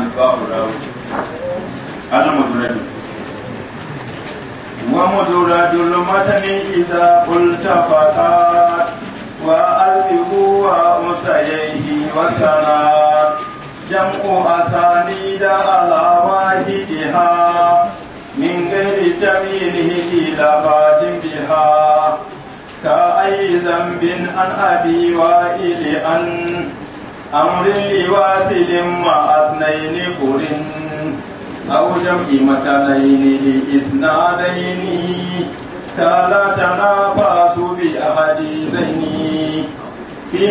mi ba ora o ana mo dura wa mo dura do lo mata ni ida ul tafata wa albi huwa musayyihi wa sana jamu asani da ala wahidiha min gairi tamilihi ila batin ka ayi zambin an abi ili an Amurin iya wasilen ma asinai ni ƙurin. A wajen iya matalai ni de iska bi a hadiza ni. Bi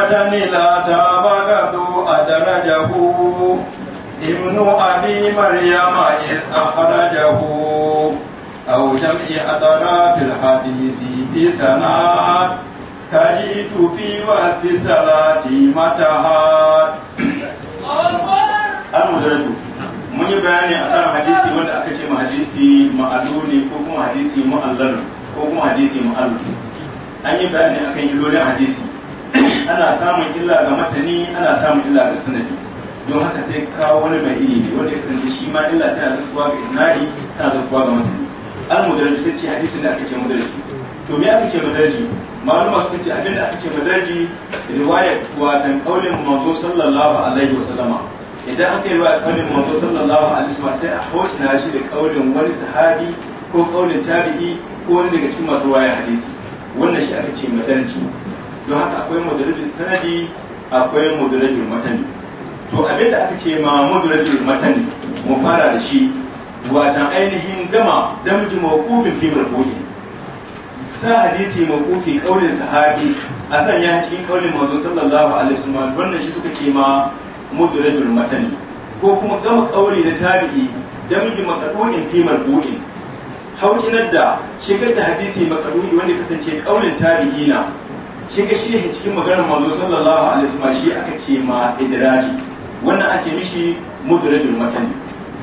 ta ba kaɗo a daraja ko. Imnu abin maryama ya fara jago. A wajen iya asarar da lalace shi كجئت salati وسط صلاتي متهات المدرج mun yi bayani a kan hadisi wanda aka ce ma hadisi ma'aluni ko kuma hadisi mu'allal ko kuma hadisi mu'allal an yi bayani kan illolin hadisi ana samun illa ga matani ana samun illa ga sanadi don haka sai kawo wani mai ilimi wanda ya kasance shi ma illa tana zartuwa ga isnadi tana zartuwa ga matani al mudarrij sai ce hadisin da aka ce mudarrij to me aka ce madarji maluma suka ce abinda aka ce madarji riwayar watan kaulin manzo sallallahu alaihi wasallama idan aka yi riwayar kaulin manzo sallallahu alaihi wasallama sai a hotuna shi da kaulin wani sahabi ko kaulin tarihi ko wani daga cikin masu riwayar hadisi wannan shi aka ce madarji don haka akwai madarjin sanadi akwai madarjin matani to abinda aka ce ma madarjin matani mu fara da shi watan ainihin gama damji mawqufin fi marfu'in sa hadisi mawqufi kaulin sahabi a sanya cikin kaulin manzo sallallahu alaihi wasallam wannan shi suka ce ma mudrajul matani ko kuma gama kauli na tabi'i damji maqdu'in fimar buɗin haucinar da shigar da hadisi maqdu'i wanda kasance kaulin na shiga shi cikin maganar manzo sallallahu alaihi wasallam shi aka ce ma idraji wannan a ce mishi mudrajul matani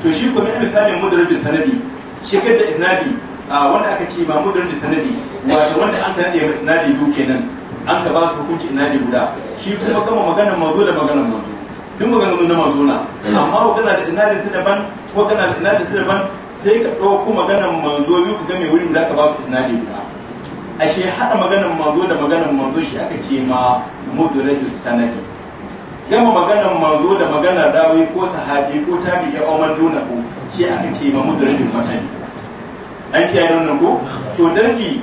to shi kuma misalin mudrajul sanadi shigar da isnadi wanda aka ce ba mudar da sanadi wato wanda an tanade mai sanadi biyu kenan an ka ba su hukunci ne guda shi kuma kama maganar mazo da maganar mazo duk maganar na mazo na amma magana da inadi ta daban ko kana da inadi ta daban sai ka ɗauko maganar mazo biyu ka ga mai wurin da ka ba su inadi guda a ashe haɗa maganar mazo da maganar mazo shi aka ce ma mudrajus sanadi gama maganar mazo da maganar dawi ko sahabi ko tabi'i Umar Duna ko shi aka ce ma mudrajul matani an kiyaye nan ko to darki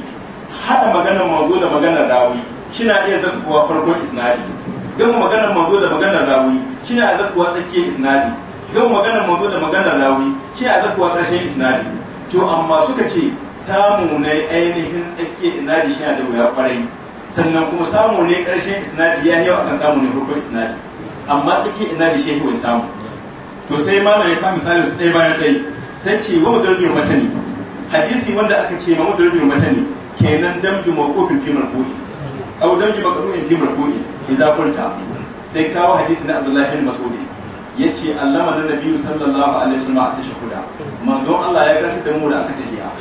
hada maganar manzo da maganar rawi kina iya zakkuwa farkon isnadi gama maganar manzo da maganar rawi kina iya zakkuwa tsakiyar isnadi gama maganar manzo da maganar rawi kina iya zakkuwa ƙarshen isnadi to amma suka ce samu ne ainihin tsakiyar isnadi shi da wuya kwarai sannan kuma samu ne ƙarshen isnadi ya yawa akan samu ne farkon isnadi amma tsakiyar isnadi shi ya samu to sai ma ya kama misali su ɗaya bayan ɗaya sai ce wa mutum ne mata ne hadisi wanda aka ce mamu da rubin matani kenan damju mawqufin bi au damji ma maqru'in bi marfu'i idza qulta sai kawo hadisi na Abdullahi bin ya ce allama da nabi sallallahu alaihi wasallam a tashahhuda manzo Allah ya karanta da mu da aka tafiya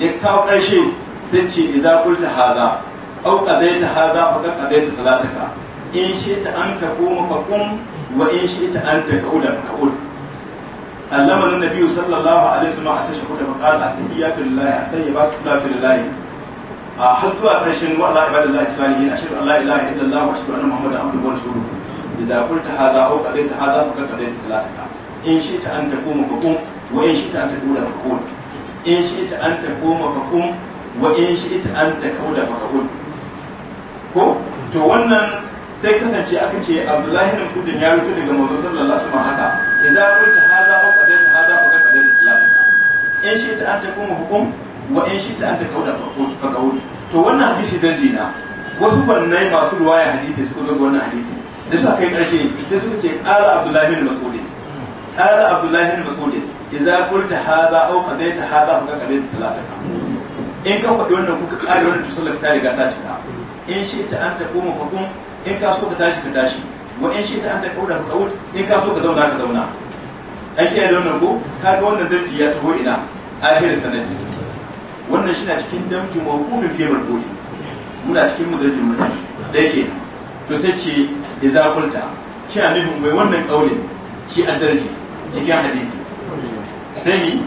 ya kawo karshe sai ce idza qulta haza zai qadaita haza fa qad qadaita salataka in shi ta an taquma fa kum wa in shi ta an taquda fa'ud علمنا النبي صلى الله عليه وسلم التشهد فقال التحيات لله الطيبات كلها لله حتى أفرشن وعلى عباد الله الصالحين أشهد أن لا إله إلا الله وأشهد أن محمدا عبده ورسوله إذا قلت هذا أو قضيت هذا فقد قضيت صلاتك إن شئت أن تقوم فقم وإن شئت أن تقول فقول إن شئت أن تقوم فقم وإن شئت أن تقول فقول ko to wannan sai kasance aka ce abdullahi bin kudin ya rutu daga manzo sallallahu alaihi wasallam haka idza qulta hadha aw in shi ta ta kuma hukum wa in shi ta ta kauda fa kauli to wannan hadisi darji na wasu bannai masu ruwaya hadisi suka ga wannan hadisi da suka kai karshe da suka ce qala abdullahi bin mas'ud qala abdullahi bin mas'ud idza qulta hadha aw qadaita hadha fa qadaita salataka in ka faɗi wannan kuka ƙare wannan to ta riga ta cika in shi ta ta kuma hukum in ka so ka tashi ka tashi wa in shi ta ta kauda fa kauli in ka so ka zauna ka zauna an kiyaye da wannan ko ka ga wannan darji ya taho ina akhir sanadi wannan shi na cikin damji mawqumin bi marfu'i muna cikin mudarrin mutum da yake to sai ce idza shi kina nufin mai wannan kaulin shi darji cikin hadisi sai ni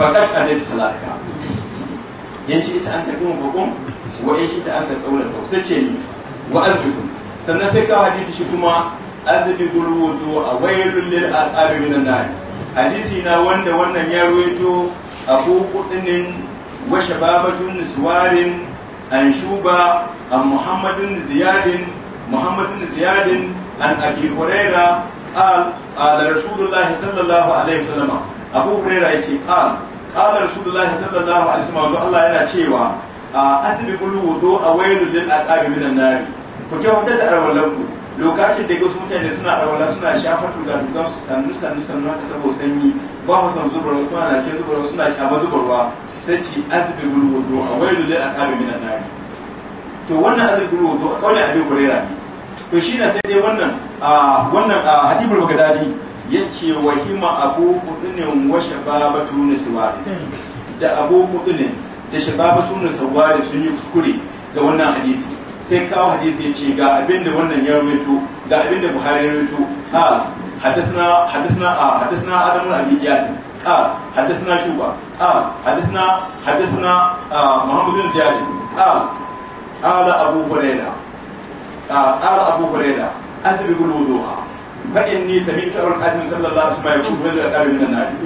faqad qadis talaka yanci ita an tafi mun wa yan shi ta an tafi kaulan sai ce ni wa azbiku sannan sai ka hadisi shi kuma azbikul wudu a wailul lil aqabi minan nar hadisi na wanda wannan ya ruwaito abu kudinin washe Babatun suwarin an shuba an muhammadun ziyadin muhammadun ziyadin an abi huraira qal qala rasulullahi sallallahu alaihi wasallam abu huraira yace qal qala rasulullahi sallallahu alaihi wasallam Allah yana cewa a asbiqul wudu awailul lil aqabi minan nar ku kyauta da arwalanku lokacin da wasu mutane suna arwala suna shafa tuga tuga su sannu sannu sannu haka sabo sanyi ba su san zubarwa suna na ke zubarwa suna kyama zubarwa sai ci azbirul wudu a wani lulil a kabe minan nari to wannan azbirul wudu a kawai abin kurera ne to shi na sai dai wannan a wannan a hadibul bagdadi ya ce wa hima abu washe wa shababatu niswari da abu kudunin da shababatu niswari sun yi kuskure ga wannan hadisi sai kawo hadisi ya ce ga abinda wannan ya rubuto ga abinda buhari ya rubuto ha hadisna hadisna a hadisna adamu abi jasi a hadisna shuba a hadisna hadisna muhammadu ziyadi a ala abu hurayra a ala abu hurayra asbi bil wudu'a fa inni sami'tu al kasin sallallahu alaihi wasallam yaqulu qala min an-nadi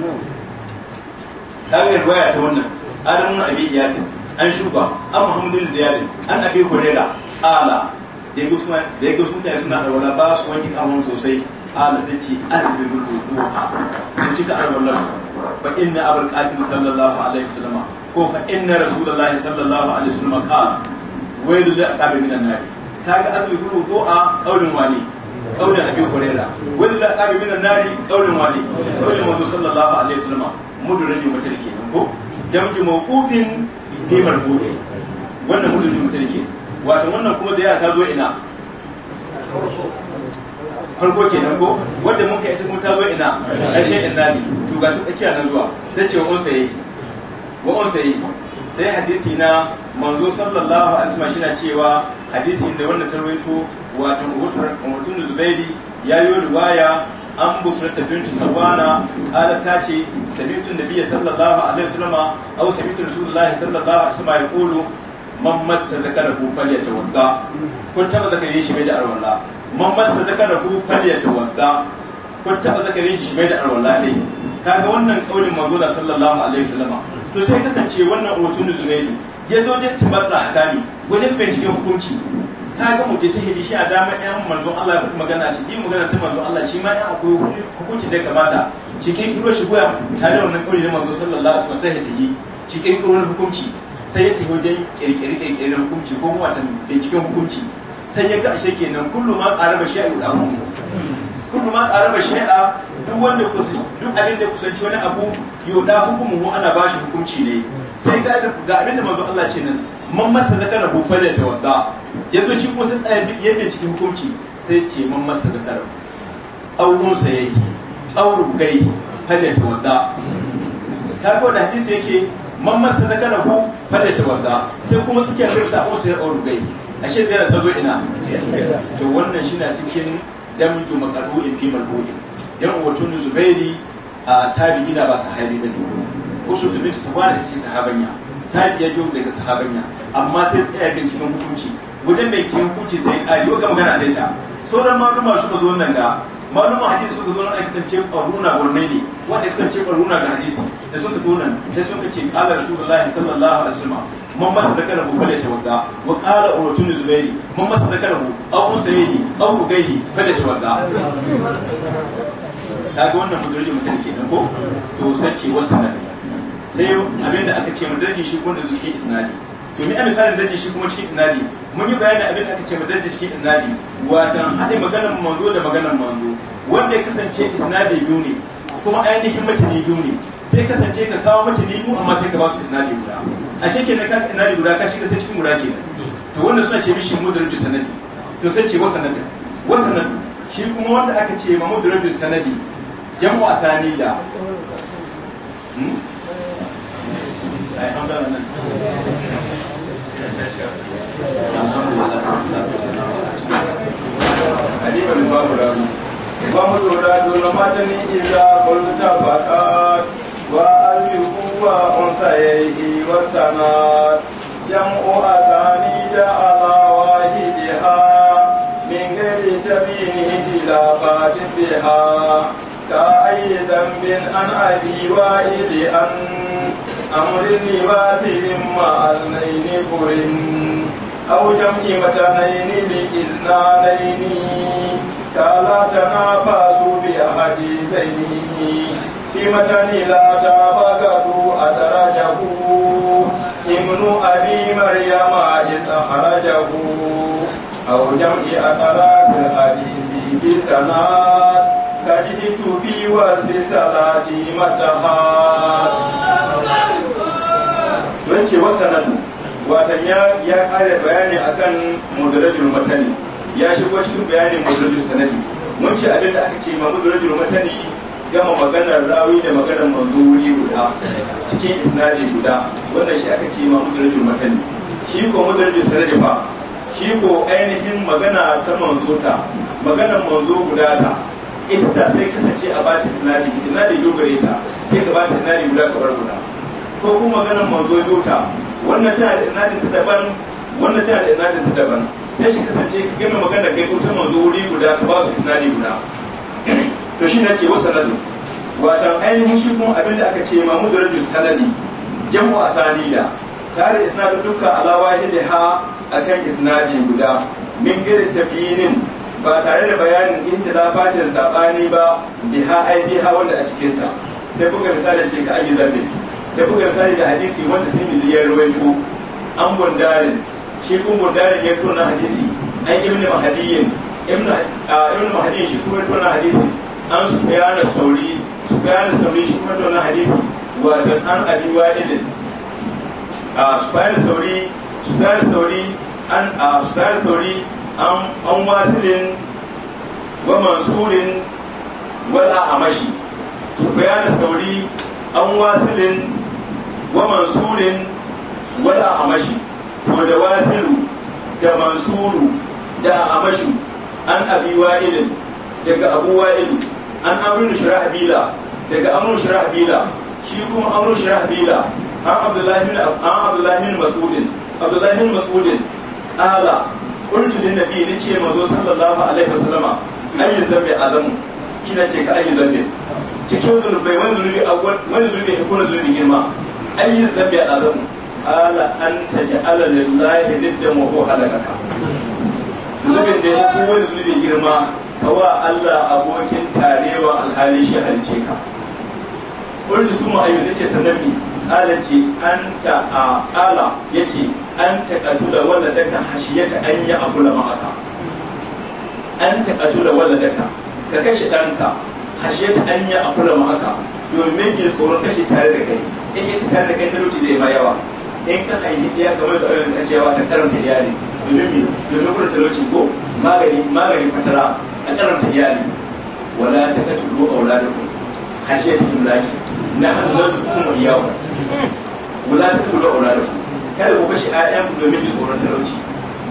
tare riwaya ta wannan adamu abi an shuba an muhammadu ziyadi an abi hurayra ala da ya gusu mutane suna da wala ba su wanke kamun sosai ala sai ce asibi rubu a sun cika alwallar fa inna abul qasim sallallahu alaihi wasallam ko fa inna rasulullahi sallallahu alaihi wasallam qala waylul laqabi minan nar kaga asibi ko a kaulin wani kaulin abi hurairah waylul laqabi minan nar kaulin wani kaulin manzo sallallahu alaihi wasallam mudurin mutarki ko damji mawqufin bi marfu'i wannan mudurin mutarki wato wannan kuma ziyara ta zo ina farko nan ko wanda mun kai ta kuma ta zo ina ashe inna ne to ga su tsakiya na zuwa sai ce wa'on sai wa'on sai sai hadisi na manzo sallallahu alaihi wasallam shina cewa hadisi da wannan tarwaito wato da zubairi ya yi riwaya an busrata bintu sarwana ala ta ce sami'tu nabiyya sallallahu alaihi wasallama au sabitun rasulullahi sallallahu alaihi wasallam yaqulu man masa ta wanda kun taba zakarin shi bai da alwala man masa ta wanda kun taba zakarin shi bai da alwala dai kaga wannan kaulin mazuna sallallahu alaihi wasallama to sai kasance wannan rotun zunaidu ya zo da timarra hakami wajen bincike hukunci kaga mu ta hidi shi a dama ɗayan manzon Allah ya magana shi din magana ta manzon Allah shi ma ya akwai hukunci da kamata shi kai kiro shi goya tare da wannan kaulin manzo sallallahu alaihi wasallama ta yi shi kai kiro hukunci sai ya tafi wajen kirkiri kirkiri na hukunci ko watan cikin hukunci sai ya ga ashe kenan kullum ma qaraba shay'a mu. kullum ma qaraba shay'a duk wanda duk abin da kusanci wani abu yuda hukumu ana bashi hukunci ne sai ga ga abin da manzo Allah ce nan man masa zakara hu fa da wanda yazo shi ko sai tsaya yadda cikin hukunci sai ce man masa zakara aurun sa yayi aurun kai fa ta tawadda kaga da hadisi yake man masa ta kana ku fada ta wanda sai kuma suke sa ko sai auru gai ashe zai ta zo ina to wannan shi na cikin damju in fi malbu'in yan uwatun zubairi a tabi'ina ba sahabi bane usu tubin subhana shi sahabanya tabi'a jo daga sahabanya amma sai tsaya cikin hukunci wajen mai kiyan hukunci sai kare yau ga magana ta ita sauran malama suka zo nan ga ma hadisi suka zo nan da kasance faruna gurme ne wanda kasance faruna ga hadisi da suka zo nan sai suka ce qala rasulullahi sallallahu alaihi wasallam man masa zakara bu bala wadda wa kala urutun zubairi man masa zakara bu aw usayyi aw gaihi bala tawadda kaga wannan mutane mutum nan ko to sace wasu nan sai abinda aka ce mudurji shi kun da zuke isnadi to ni a misalin da shi kuma cikin inali mun yi bayanin abin da aka ce darji cikin inali watan haɗe maganar manzo da maganar manzo wanda ya kasance isnadi biyu ne kuma ainihin matani biyu ne sai kasance ka kawo matani biyu amma sai ka ba su isnadi guda a shekin na kan inadi guda ka shiga sai cikin guda ke to wannan suna ce mishi mudarrij sanadi to sai ce wasa wasanadin shi kuma wanda aka ce ma mudarrij sanadi jam'u asanida hmm? ai an hadiban babu ramu ba mu lura dole mata ni iza kwalta baka wa ayyukuwa unsa yayi wa sana jam'u asani da ala wahidiha min gari tabini ila batin biha ka ayyidan bin an abi wa ili an amrin libasin ma'al naini burin أو جمع متنين لإذنانين كلا تنافسوا بأحاديثين في متن لا تبغدوا أدرجه ابن أبي مريم إذ أخرجه أو جمع أطراف الحديث بسناد كجدت في وزن صلاتي متهاد. Mun ce wasu watan ya ya kare bayani akan mudarajul matani ya shigo cikin bayanin mudarajul sanadi mun ce abin da aka ce ma mudarajul matani gama maganar rawi da maganar manzo wuri guda cikin isnadi guda wannan shi aka ce ma mudarajul matani shi ko mudarajul sanadi fa shi ko ainihin magana ta manzo ta maganar manzo guda ta ita ta sai kasance a bata isnadi isnadi dogare ta sai ka bata isnadi guda kabar guda ko kuma maganar manzo dota wannan tana da inadin ta daban wannan tana da inadin ta daban sai shi kasance ka gina magana kai ko ta manzo wuri guda ka ba su tunani guda to shi ne ke wasa watan ainihin shi kuma abin da aka ce ma mudarajus a sani da tare isnadu duka alawa ha kan isnadi guda min gari tabiyinin ba tare da bayanin ihtilafatin sabani ba biha ai biha wanda a cikinta sai buga misali ce ka aji zarbin sai kuka sani da hadisi wanda tirmidhi ya rawaito an bundarin shi kun bundarin ya tona hadisi an ibnu mahdiyin ibnu ibnu mahdiyin shi kuma tona hadisi an su bayanin sauri su bayanin sauri shi kuma tona hadisi wato an abi wa'idin a su bayanin sauri su bayanin sauri an a su bayanin sauri an an wasilin wa mansurin wala amashi su bayanin sauri an wasilin wa mansurin wala amashi ko da wasiru da mansuru da amashu an abi wa'ilin daga abu wa'ilu an amrinu shirahbila daga amrinu shirahbila shi kuma amrinu shirahbila an abdullahi bin an abdullahi bin mas'udin abdullahi bin mas'udin qala qultu lin nabi nace manzo sallallahu alaihi wasallama ayi zambi azamu kina ce ka ayi zambi cikin zulubai wani zulubi awwal wani zulubi ya kuna zulubi girma ayi zambi azam ala an taj'ala lillahi niddan ma ko halakaka zunubin da ya fi wani zunubi girma kawa Allah abokin tarewa alhali shi halice ka wani su mu ayyuka nace sanami ala ce anta a ala yace anta qatula waladaka hashiyata an ya abula ma'aka anta qatula waladaka ka kashe danka hashiyata an ya abula ma'aka domin ya tsoron kashi tare da kai in yi tukar da kai talauci zai ma in ka haihi ya kamar da ɗaurin ta cewa ta karanta iyali domin mi domin kuma talauci ko magani magani fatara ta karanta iyali wala ta ka tulo a wula da ku hashe ta kimlaki na hannun kuma da yawa wala ta tulo a wula da ku kada ku kashe ƴaƴan domin ji ta talauci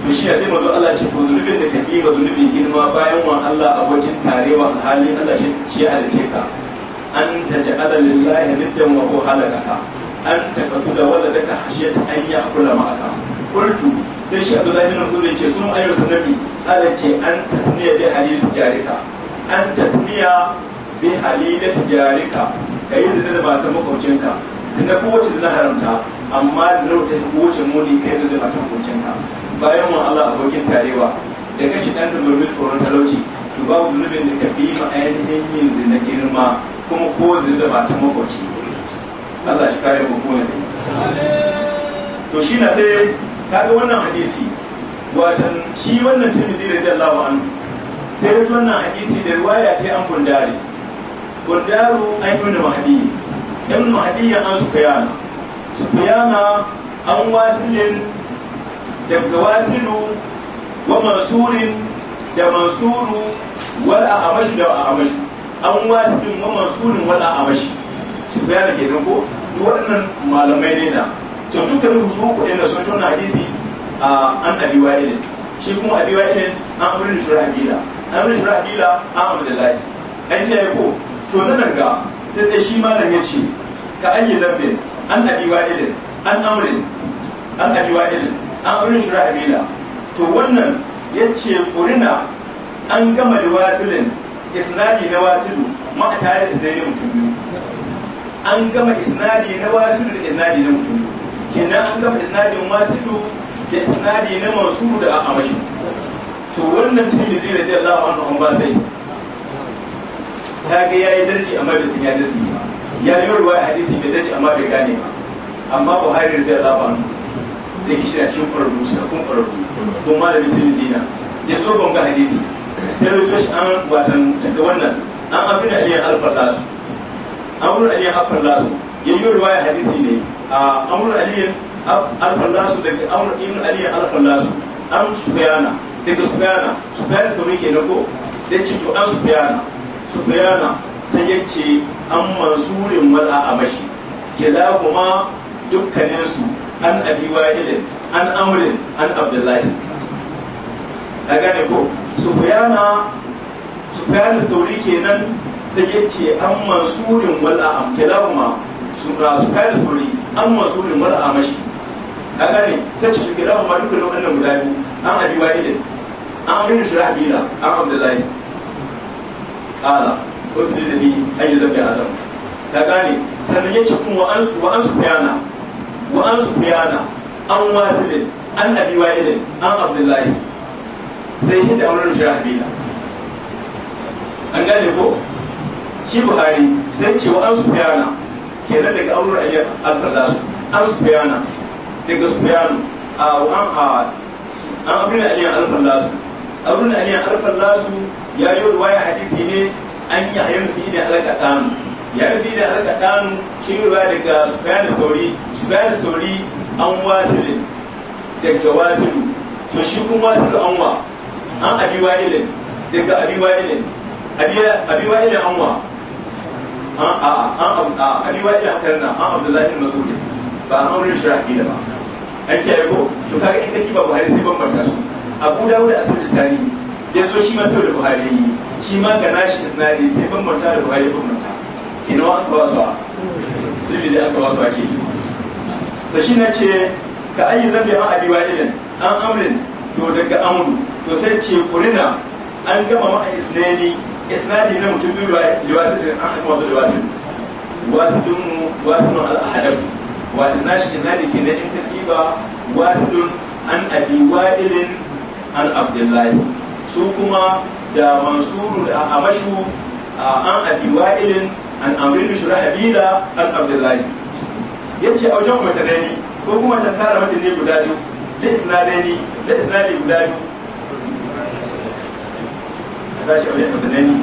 to shi ya sai manzo Allah ce ko zulubin da kake ba zulubin girma bayan wa Allah abokin tarewa a halin Allah shi ya halice ka an taj'ala lillahi niddan wa huwa halaka an da takatuda ta hashiyata an ma aka qultu sai shi Abdullahi bin Abdul ce sun ayyu sanabi ala ce an tasmiya bi halil jarika. an tasmiya bi halil jarika kai zina da matan makwabcinka zina kowace zina haramta amma da rauta kowace muni kai zina da matan makwabcinka bayan mu Allah abokin tarewa da kashi ɗan da domin tsoron talauci to babu zunubin da ka bi ma ainihin yin zina girma kuma ko da matan makwabci Allah shi kare mu kuma to shi na sai kaga wannan hadisi watan shi wannan tirmidhi radiyallahu anhu sai da wannan hadisi da riwaya ta an gundari gundaru an ibn mahdi ibn mahdi an sufyan sufyan an wasilin daga wasilu wa mansurin da mansuru a a'amash da a'amash an ɗin wa mansurin wala a mashi su bayana kenan ko duk waɗannan malamai ne na to dukkan su ku inda sun tona hadisi a an abiwa wa'ilin shi kuma abiwa wa'ilin an amrin shurahila amrin hadila an amdallahi an ta ko to nan ga sai dai shi ma ya ce ka an yi zambe an abiwa wa'ilin an amrin an abiwa wa'ilin an amrin hadila to wannan yace kurina an gama wasilin isnadi na wasilu ma tare da isnadi mutum biyu an gama isnadi na wasilu da isnadi na mutum kenan an gama na wasilu da isnadi na masu da amashi to wannan cin-cin zai radiyallahu anhu an ba sai ya yi darji amma bai san ya darji ba ya yi ruwa hadisi da darji amma bai gane ba amma buhari radiyallahu anhu da ke shi a cikin kwararru shi a kun kwararru don malamin tirmidhi na ya zo ga hadisi sai rubuta shi an watan daga wannan an abin aliyan aliyu su amurin aliyan alfarla su yayi riwaya hadisi ne a aliyu aliyan alfarla su daga amurin ibn aliyan alfarla su an sufiyana daga sufiyana sufiyana sauri ke na ko da ce to an sufiyana sufiyana sai ya ce an mansurin wala a mashi gida kuma dukkaninsu an abi wa'ilin an amurin an abdullahi a gane ko su bayana sauri kenan sai ya ce an wala wal a'am su bayana sauri an mansurin wal a'amashi ka gane sai ce kilahuma dukkan wannan guda biyu an abi idan an abin shirabila an abdullahi qala ko lil nabi ayyu an yi ka gane sannan yace kuma wa an wa an sufyana wa an sufyana an wasilin an abi idan an abdullahi sai hinda auren rushe habila an gane ko shi buhari sai cewa an su ke nan daga aurar ayyar su an su bayana daga su bayanu a an a an abin aliyan su abin aliyan su ya yi ruwaya hadisi ne an yi hayar su idan alkaɗanu ya yi idan alkaɗanu shi wa daga su bayanu sauri su bayanu sauri an ne daga wasilu to shi kuma wasu an wa an abi wa'ilin daga abi wa'ilin abi an wa an a an a abi wa'ilin haka nan an abdullahi masudi ba an amurin shiraki da ba an kiyaye ko to kaga in kake ba buhari sai banbanta su abu dawud asir sani yanzu shi ma sau da buhari yi shi ma ga nashi isnadi sai banbanta da buhari bambanta ina wa ba su a tilbi da aka wasu ake to shi na ce ka ayi zambi an abi wa'ilin an amrin to daga amru to sai ce kurina an gama ma isnani isnani na mutum biyu liwasidin wasu wato liwasidin eh, wasidun wasu al-ahadam wato nashi isnani ke na cikin tarkiba dun an abi wa'ilin an abdullahi su kuma da mansuru da amashu an abi wa'ilin an amrin bi habila an abdullahi yace a wajen mutanani ko kuma ta tara mutane guda biyu lisnadani lisnadi guda biyu za shi aure da nani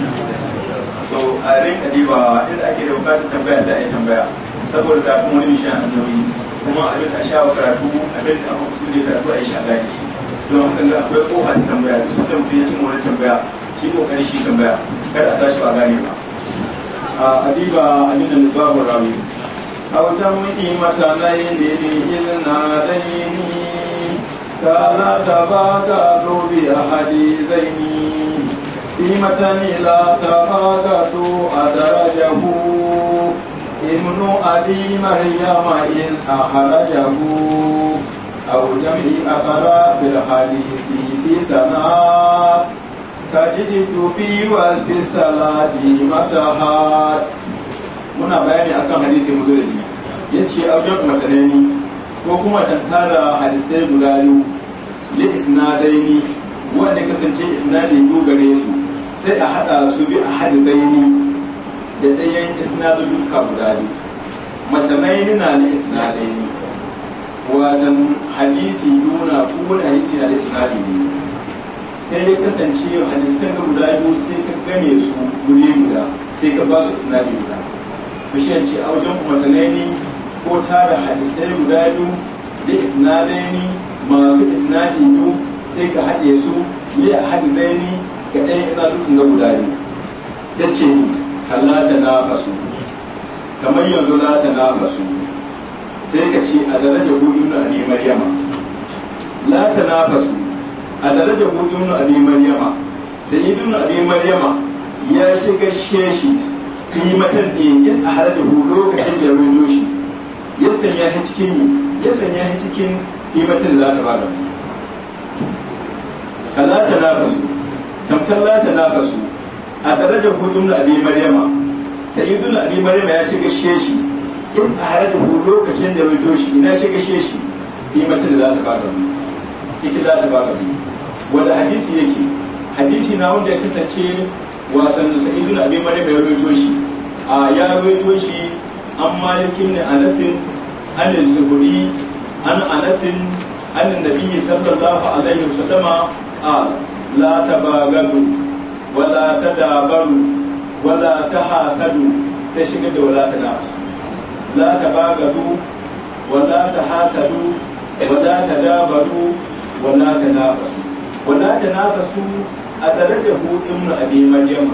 to a rinka diba inda ake da bukatar tambaya sai a yi tambaya saboda zafin wani mishan annabi kuma abin a sha karatu abin da aka su ne karatu a yi sha gani don hakan ga akwai kofa da tambaya duk sun da mutum ya wani tambaya shi kokari shi tambaya kada a tashi ba gane ba a a abin da mubahu Rami. a wata mini mata layin da ne izina laini ta na ta ba ta zobe a hadizaini قيمة لا تغادر أدرجه ابن أبي مريم إذ أخرجه أو جمع أثر بالحديث بسناد كجئت في وسب الصلاة متهات muna bayani akan hadisi mudurri ya ce abin matanani ko kuma tantara hadisai guda biyu da isnadaini wanda kasance isnadin dogare su sai a haɗa su bi a haɗa zaini da ɗayan isnadu duka guda biyu nuna na da isnadai ne watan hadisi nuna kowane hadisi na da isnadi ne sai ya kasance hadisan da guda biyu sai ka gane su guri guda sai ka ba su isnadi guda bishiyan ce a wajen matanai ne ko tara hadisai guda biyu da isnadai ne masu isnadi biyu sai ka haɗe su ne a hadisai ne ga ina idanutun na guda biyu ya ce kalla ta na basu kamar yanzu za ta na basu sai ka ce a daraja inu na ne maryama la ta na basu a daraja inu na ne maryama sai ibn ne maryama ya shiga sheshi matan ɗaya ya tsara da lokacin da ya rujo shi ya sanya shi cikin ya sanya shi cikin matan da za ta ba bada la ta na basu tamkar lata na su a darajar hudun da abi maryama sai ibn abi maryama ya shiga sheshi in a harajar hudu lokacin da rito shi ina shiga sheshi mata da lata baka cikin lata baka wanda hadisi yake hadisi na wanda ya kasance watan sa'id ibn abi maryama ya rito shi a ya rito shi an malik ibn anas an al an anas an an sallallahu alaihi wasallam qala لا تباغدوا ولا تدابروا ولا تحاسدوا sai shigar da wala ta nasu la tabagadu wala tahasadu wala tadabaru wala tanafasu wala a tare da hu ibnu abi maryama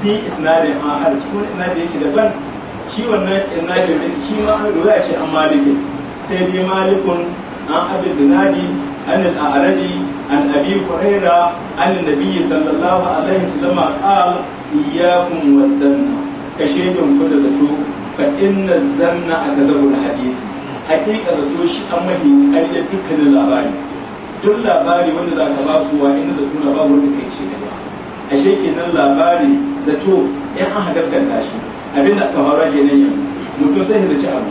bi isnadin ahad cikin isnadin yake daban shi wannan isnadin da shi ma an ruwaya ce an malikin sai dai malikun an abi zinadi an al-a'radi عن أبي هريرة عن النبي صلى الله عليه وسلم قال إياكم والزنا كشيء كل السوق فإن الزنا أكذب الحديث حقيقة توش أمه أريد دكان الأباري duk labari wanda za ka ba su wa inda da tuna wanda kai shi ba ashe kenan labari zato in an gaskanta shi abinda aka faruwa kenan yanzu mutum sai ya zaci abu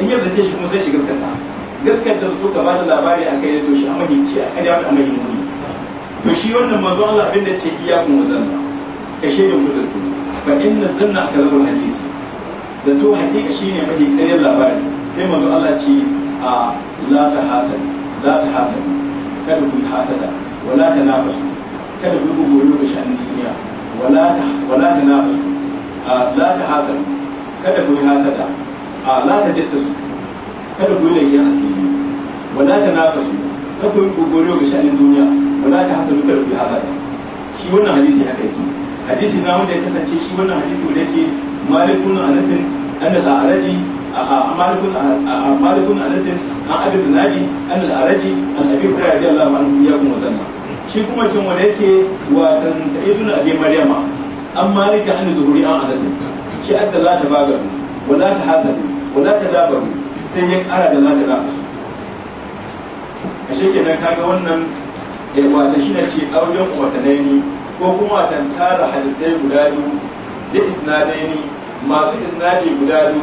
in ya zace kuma sai shi gaskata gaskanta su ka ba da labari a kai da toshi a mahimci a kai wani a mahimmi. to shi wannan manzo Allah abin da ce iya mu zanna ka shirya mutu da tu fa inna zanna ka zabul hadisi da to hakika shine mafi karyar labari sai manzo Allah ce a la ta hasad la ta hasad kada ku hasada wala ta nafasu kada ku gogoro da sha'anin duniya wala ta wala ta nafasu la ta hasad kada ku hasada la ta dissasu kada ku yi layyar asiri wala ta na kasu na ku yi kogoro ga sha'anin duniya wala ta hasa dukkan ku hasada shi wannan hadisi haka yake hadisi na wanda ya kasance shi wannan hadisi wanda yake malikun anasin an a malikun anasin an abin zunabi an la'araji an abin yadda Allah ma'an ya kuma zanna shi kuma cin wanda yake watan sa'idun abin maryama an malika an da zuhuri an anasin shi adda za ta bagaru wala ta hasadu wala ta dabaru sai ya ƙara da lada eh, a su a shekenan kaga wannan wata shi na ce auren watanai ko kuma watan tara hadisai guda biyu da isnadai masu isnadi guda biyu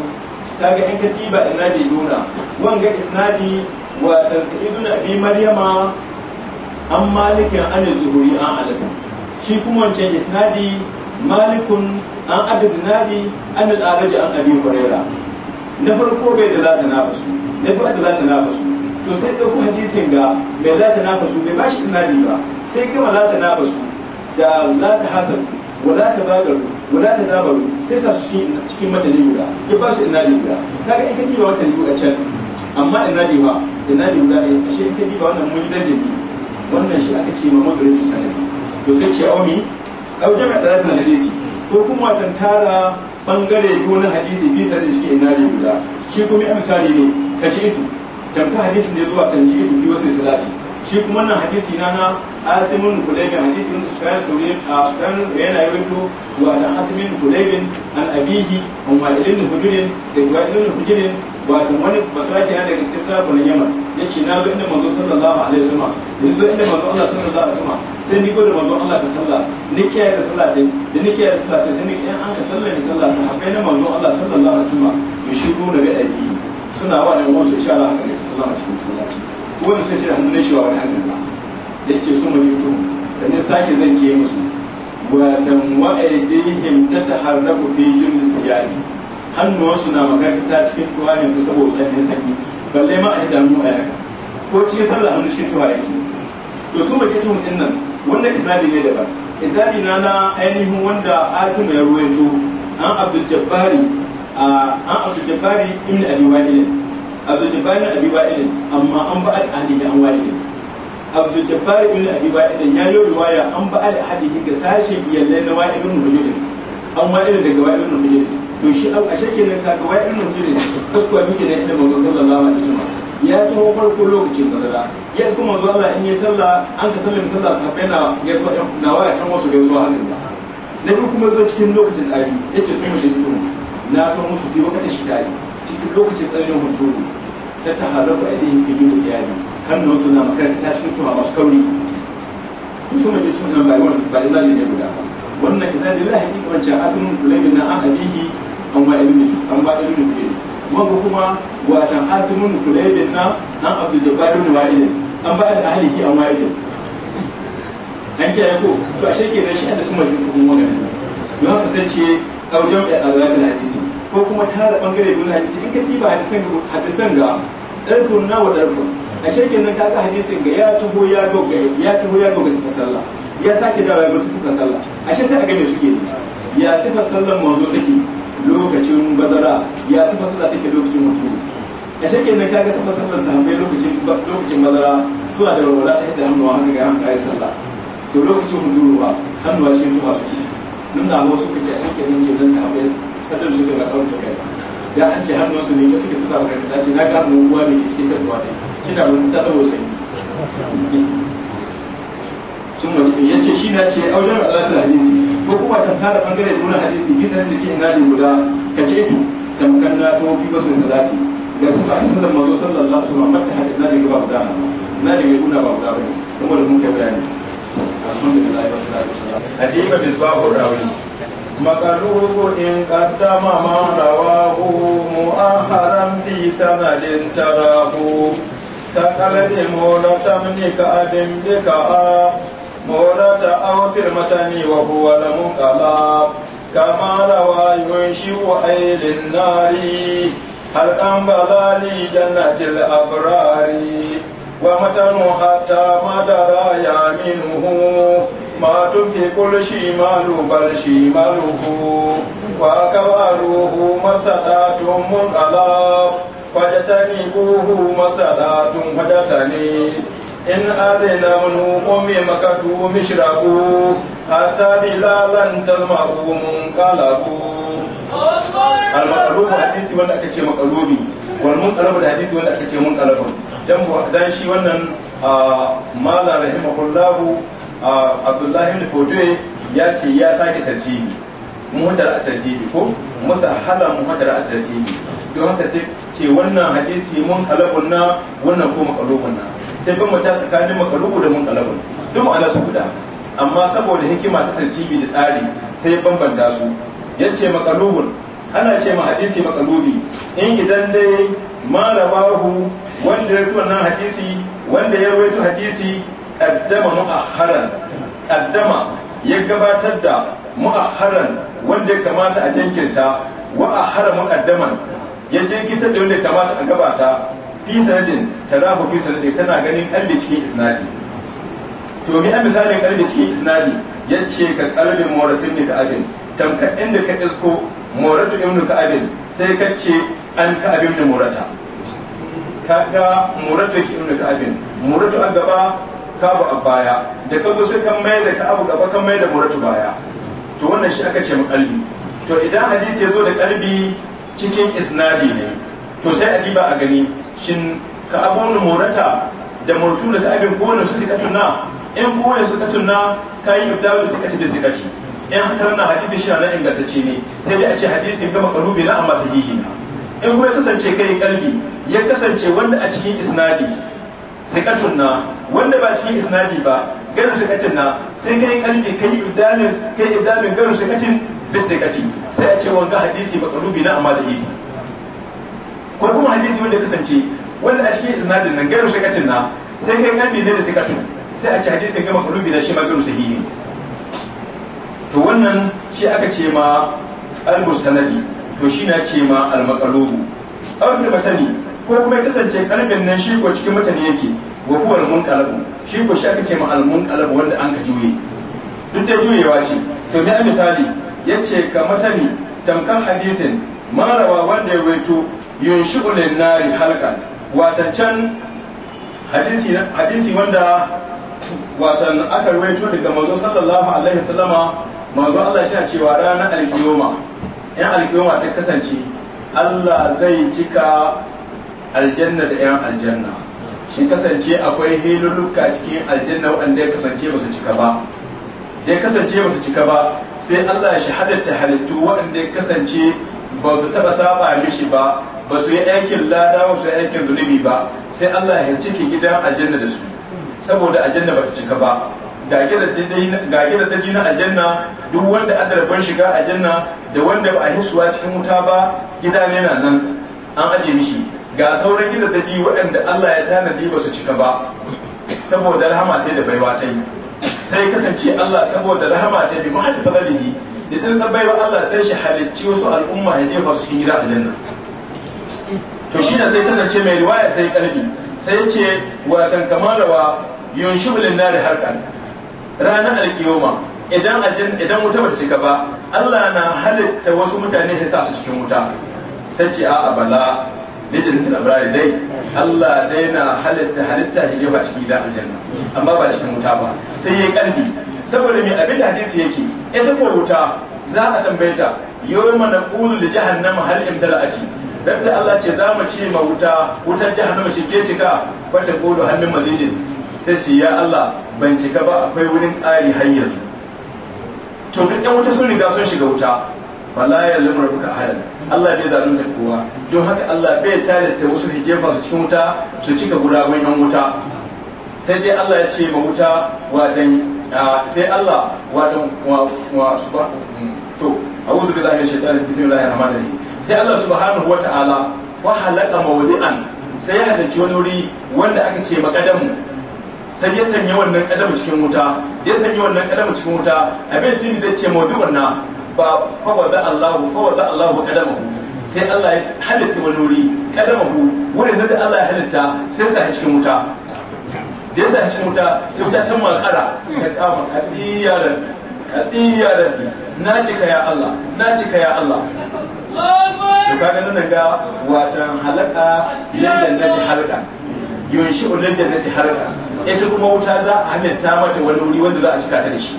kaga in ka ɗiba da yuna wanga isnadi watan na bi maryama an malikin an zuhuri an alasa shi kuma wancan isnadi malikun an abi zinabi an al'araji an abin hurairah na farko bai da zata na basu na biyu da zata na basu to sai ɗauko hadisin ga mai zata na basu bai bashi tunani ba sai gama zata na basu da zata hasan wa zata bagaru wa zata dabaru sai sa su cikin cikin matali guda ya ba su inadi guda kaga in ka diba matali guda can amma inadi ba inadi guda ne ashe in ka diba wannan mun yi dan jini wannan shi aka ce ma mudraju sanadi to sai ce omi. au jama'a da hadisi ko kuma tantara bangare biyu na hadisi bi sanin shi ina ne guda shi kuma ya misali ne ka shi itu tamka hadisi ne zuwa tanji ito bi wasu salati shi kuma nan hadisi na na asimin kulaibin su kayan sauri a su sukayan yana yi yawaito wa na asimin kulaibin an abihi an wa'ilin hujurin da wa'ilin hujurin wato wani basirati ya daga kisa kunan yaman ya ce na zo inda manzo sallallahu alaihi wasallam yanzu inda manzo Allah sallallahu alaihi wasallam sai ni gode manzon Allah da sallah ni kiyaye da sallah din da ni kiyaye da sallah ta sai ni in an ka sallah ni sallah sahabbai na manzon Allah sallallahu alaihi wasallam to shi ko ga dadi suna wa ɗan wasu ishara haka ne ta sallama cikin masallaci ko wani sai ce da hannun shi wa wani hannun ba da yake so mu jito sannan sake zan ke musu watan wa'aidihim ta taharraku fi jumlis siyani hannuwansu na ta cikin tuwanin su saboda tsanin sanyi balle ma a yi damu a yaka ko cikin sallah hannu shi tuwanin to su mace tuhum din nan wannan isnadi ne daban isnadi na na ainihin wanda asimu ya ruwaito an abdul jabbari an abdul jabbari ibn abi wa'il abdul jabbari abi wa'il amma an ba a al ahli an wa'il abdul jabbari ibn abi wa'il ya yi riwaya an ba a da ahli ga sashen iyalai na wa'il mujirin hujr an wa'il daga wa'il mujirin to shi a shekenan kaga wa'il mujirin kakwa sai kuwa bi ne da manzo sallallahu alaihi wasallam ya tuho farko lokacin da bazara ya kuma zuwa da in yi sallah an ka sallame sallah sahabbai na gaisuwa na waya kan wasu gaisuwa hakan ba na biyu kuma zuwa cikin lokacin tsari ya ce sun yi tun na ta musu biyu wata shi tari cikin lokacin tsarin hunturu ta ta halabu ainihin biyu da siyari hannun suna makaranta cikin tuha masu kauri musu mai cikin nan bayan bayan zalim ne guda wannan kitabin lahi ne kamar cewa asalin tulamin na an abihi an ba ilimin an ba ilimin wanda kuma watan asimun kulaibin na an abdul jabbar ibn wa'il an ba da ahlihi an wa'il an ke ko to ashe nan shi da su mai cikin wannan don haka sai ce aujan da alwala hadisi ko kuma tara bangare da hadisi in ka diba hadisan hadisan ga darfun na wa darfun ashe nan kaga hadisin ga ya taho ya doga ya taho ya doga sifa sallah ya sake dawo ya bar sifa sallah ashe sai a game su ke ya sifa sallah manzo take lokacin bazara ya saba sallah take lokacin mutu a shekin nan kaga saba sallar sahabbai lokacin lokacin bazara suna da walwala ta yadda hannuwa har ga an kayan sallah to lokacin hutu ruwa hannuwa shi ruwa su nan da wasu kace a shekin nan jirgin sahabbai sallar su da kawai ta kai ya an ce hannuwa su ne ke suke saka kai da ce na ga hannuwa ne ke cikin tabuwa ne da mun ta saboda sun wani ya ce shi na ce aujar alatul hadisi ko kuma ta tara bangare da wani hadisi bisa da ke ingani guda ka ce tu tamkar na ta wofi salati ga su ka sallar sallallahu alaihi wasallam mata hadisi na daga babu dama na daga guda babu dama kuma da mun kai wa إن قدم ما رواه مؤخرا في سند تراه كقلب مولة من كأب بكأ مولاتا او كلمة وهو لمنقلب كما روى ينشئ أيل النار هل أنبذ لي جنة الابرار ومتن حتى ما درى يمينه ما تفي كل شمال بل شماله وكبروه مسدات منقلب فاجتنبوه مسدات فاجتنبوه in adina wani hukumi maka dumi shiragu a ta bi lalan talma hukumun kalaku almakalubu a hadisi wanda aka ce makalubi wani mun kalabu da hadisi wanda aka ce mun kalabu dan shi wannan a malar rahimahullahu a abdullahi ibn fodoye ya ce ya sake tarjimi muhadar a tarjimi ko musa halar muhadar a tarjimi don haka ce wannan hadisi mun kalabu na wannan ko makalubu na sai ta tsakanin makarubu da munkalabu duk ma'ana su guda amma saboda hikima ta tartibi da tsari sai bambanta su yace makalubun ana ce ma hadisi makalubi in idan dai malabahu wanda ya tuwa nan hadisi wanda ya rawaito hadisi addama mu'akharan addama ya gabatar da mu'akharan wanda ya kamata a jinkirta wa akhara muqaddaman ya jinkirta da wanda ya kamata a gabata fi sanadin za fi sanadin kana ganin kalbi cikin isnadi to mi an misalin kalbi cikin isnadi ce ka kalbin moratin ni abin tamkar inda ka isko moratu ibnu abin sai ka ce an ka abin ni morata kaga moratu ibnu abin moratu a gaba kabu a baya da ka zo sai kan mai da ka abu gaba kan mai da moratu baya to wannan shi aka ce mu kalbi to idan hadisi ya zo da kalbi cikin isnadi ne to sai a diba a gani shin ka abon morata da murtu da abin kowane su suka tunna in kowane suka tunna ka yi ibdalu suka ci da suka ci in haka nan hadisi shi na ingantacce ne sai dai a ce hadisi ga makarubi na amma sahihi na in kuma kasance kai kalbi ya kasance wanda a cikin isnadi sikatun tunna wanda ba cikin isnadi ba garu sikatin na sai kai kalbi kai ibdalin kai ibdalin garu sikatin fi sikati sai a ce wanga hadisi makarubi na amma sahihi kwai kuma hadisi wanda kasance wanda a cikin isnadin nan garu shakatin na sai kai kalbi ne da sikatu sai a ci hadisin gama kulubi da shi ma garu sahihi to wannan shi aka ce ma al sanadi to shi na ce ma al-maqalubu abin matani ko kuma kasance kalbin nan shi ko cikin mutane yake wa huwa al shi ko shi aka ce ma al wanda an ka juye duk da juyewa ce to me misali yace ka matani tamkan hadisin rawa wanda ya waito yunshibu nari halkan watan can hadisi hadisi wanda watan aka rawaito daga manzo sallallahu alaihi wasallama manzo Allah shi cewa ranar alkiyoma yan alkiyoma ta kasance Allah zai cika aljanna da yan aljanna shi kasance akwai hilulluka cikin aljanna wanda ya kasance ba su cika ba ya kasance ba su cika ba sai Allah ya ta halittu waɗanda ya kasance ba su taɓa saba mishi ba ba su yi aikin lada ba su yi aikin zunubi ba sai Allah ya cike gidan aljanna da su saboda aljanna ba ta cika ba ga gida daji na aljanna duk wanda adarban shiga aljanna da wanda ba a hisuwa cikin wuta ba gida ne na nan an aje mishi ga sauran ta daji waɗanda Allah ya tanadi ba su cika ba saboda rahama ta da baiwa ta yi sai kasance Allah saboda rahama ta bi muhaddin fadalihi da tsinsa wa Allah sai shi halicci wasu al'umma ya jefa su cikin gida aljanna to shi ne sai kasance mai riwaya sai karfi sai ce wa kamar rawa yunshibu linnari harkan ranar alkiyoma idan idan wuta bata cika ba Allah na halitta wasu mutane ya sa su cikin wuta sai ce a'a bala lijintul abrari dai Allah dai na halitta halitta shi ba cikin gidan aljanna amma ba cikin wuta ba sai yayi karfi saboda me abin da hadisi yake ita ko wuta za a tambayta yawma naqulu li jahannama hal imtala'ati dan Allah ce za mu ci ma wuta wutar jahannama shi ke cika ta kodo hannun mazijin sai ce ya Allah ban cika ba akwai wurin ƙari har yanzu to duk ɗan wuta sun riga sun shiga wuta wala ya zama rabbuka ahadan Allah bai ta kowa don haka Allah bai tare da wasu hijefa su cikin wuta su cika guragun yan wuta sai dai Allah ya ce ma wuta watan sai Allah watan wa to a'udhu billahi minash shaitanir bismillahir rahmanir rahim sai Allah subhanahu wa ta'ala wa halaka mawdi'an sai ya halarci wani wuri wanda aka ce makadamu sai ya sanya wannan kadam cikin wuta ya sanya wannan kadam cikin wuta abin jini zai ce mawdi'an na ba fawada Allah fawada Allah kadamu sai Allah ya halitta wani wuri kadamu wurin da Allah ya halitta sai sa cikin wuta da ya sa cikin wuta sai wuta ta makara ta kama kadiyaran kadiyaran na cika ya Allah na cika ya Allah to kaga nuna ga watan halaka lan jannati halaka yunshi lan jannati halaka ita kuma wuta za a halitta mata wani wuri wanda za a cika ta da shi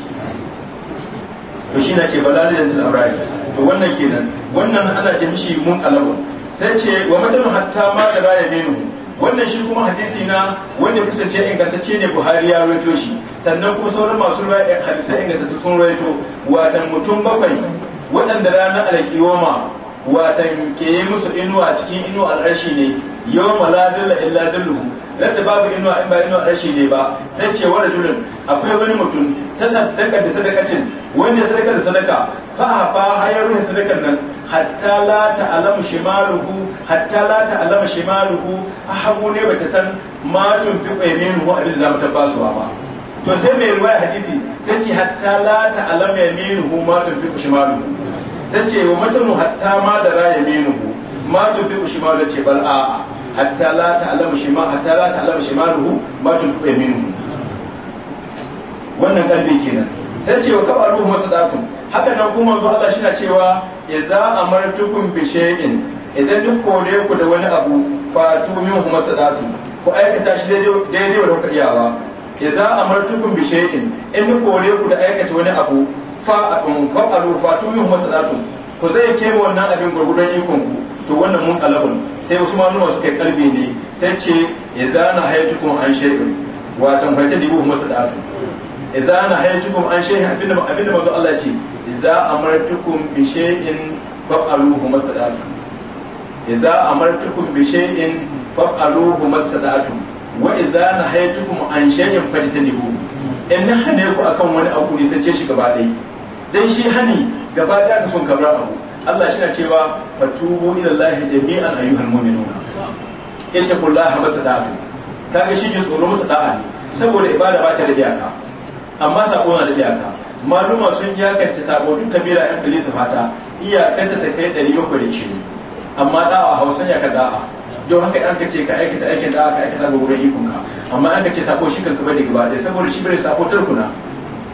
to shi na ce bala da yanzu abrai to wannan kenan wannan ana ce mishi mun kalabun sai ce wa madalu hatta ma da raya mu? wannan shi kuma hadisi na wanda kusance ingantacce ne buhari ya rawaito shi sannan kuma sauran masu hadisai ingantattun sun rawaito watan mutum bakwai waɗanda ranar alƙiwama watan ke yi musu inuwa cikin inuwa al'arshi ne yau ma la zilla illa zilluhu ladda babu inuwa in ba inuwa al'arshi ne ba sai ce wa rajulun akwai wani mutum ta sadaka da sadakacin wanda sadaka da sadaka fa fa hayaru sadakan sadakar nan hatta la ta'lamu shimaluhu hatta la ta'lamu shimaluhu ahabu ne bata san ma tun fi qayyimin wa abin da ta basuwa ba to sai mai ruwaya hadisi sai ce hatta la ta'lamu yaminuhu ma tun fi shimaluhu sai ce wa matanu hatta ma da raya minuhu ma tufi shi ma da ce bal a'a hatta la alama shi ma hatta la alama shi ma ruhu ma tufi minuhu wannan kalbi kenan sai ce wa kabaru masadatun haka nan kuma zuwa Allah shi na cewa za a martukun bishe'in idan duk kore ku da wani abu fatu min masu masadatu ku aikata shi daidai wa da kuka iyawa za a martukun bishe'in in duk kore ku da aikata wani abu Um, fa'alu fatu min masalatu ku zai ke wannan abin gurgudun ikon ku to wannan mun kalabun sai usmanu wasu kai kalbi ne sai ce ya zana hayatukum an shay'in wa tan fata dibu masalatu ya zana hayatukum an shay'in abinda abinda manzo Allah ce idza amartukum bi shay'in fa'aluhu masalatu idza amartukum bi shay'in fa'aluhu masalatu wa idza nahaytukum an shay'in fajtanibuhu in na hane ku akan wani abu ne sai ce shi gaba ɗaya dan shi hani gaba ɗaya ka son kabra abu Allah shi na cewa fatubu ila Allah jami'an ayyuhal mu'minuna in kullaha masadatu kaga shi jin tsoro masa da'a ne saboda ibada ba ta da iyaka amma sako na da iyaka maluma sun iyakance sako duk kabira yan kalisa fata iyakanta ta kai 720 amma da'a hausa ya ka da'a don haka an ka ce ka aikata aikin da aka aikata ga wurin ikon ka amma an kace sako shi kan ka bari gaba ɗaya saboda shi bai sako tarkuna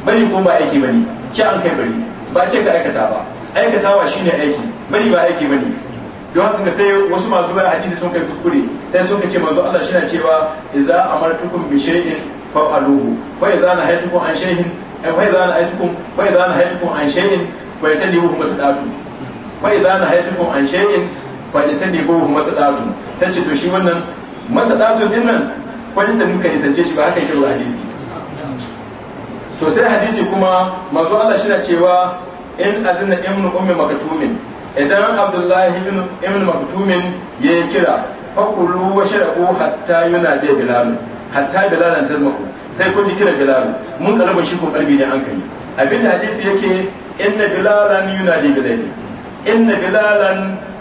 bari kuma ba aiki bane ki an kai bari ba ce ka aikata ba aikatawa shine aiki bari ba aiki bane don haka sai wasu masu bayan hadisi sun kai kuskure sai sun ce manzo Allah shi na cewa idza amartukum bi shay'in fa'aluhu fa idza nahaytukum an shay'in fa idza nahaytukum fa idza nahaytukum an shay'in fa yatadibu masdatu fa idza nahaytukum an shay'in fa yatadibu masdatu sai ce to shi wannan masdatu din nan kwanin muka nisance shi ba haka yake hadisi to sai hadisi kuma manzo Allah shi cewa in azina ibnu ummi maktumin idan abdullahi ibn ibn maktumin ya kira kullu wa sharqu hatta yuna bi bilal hatta bilal tarmaku sai ku ji kira bilal mun karban shi ko karbi ne hankali abinda hadisi yake inna bilalan yuna bi bilal inna bilalan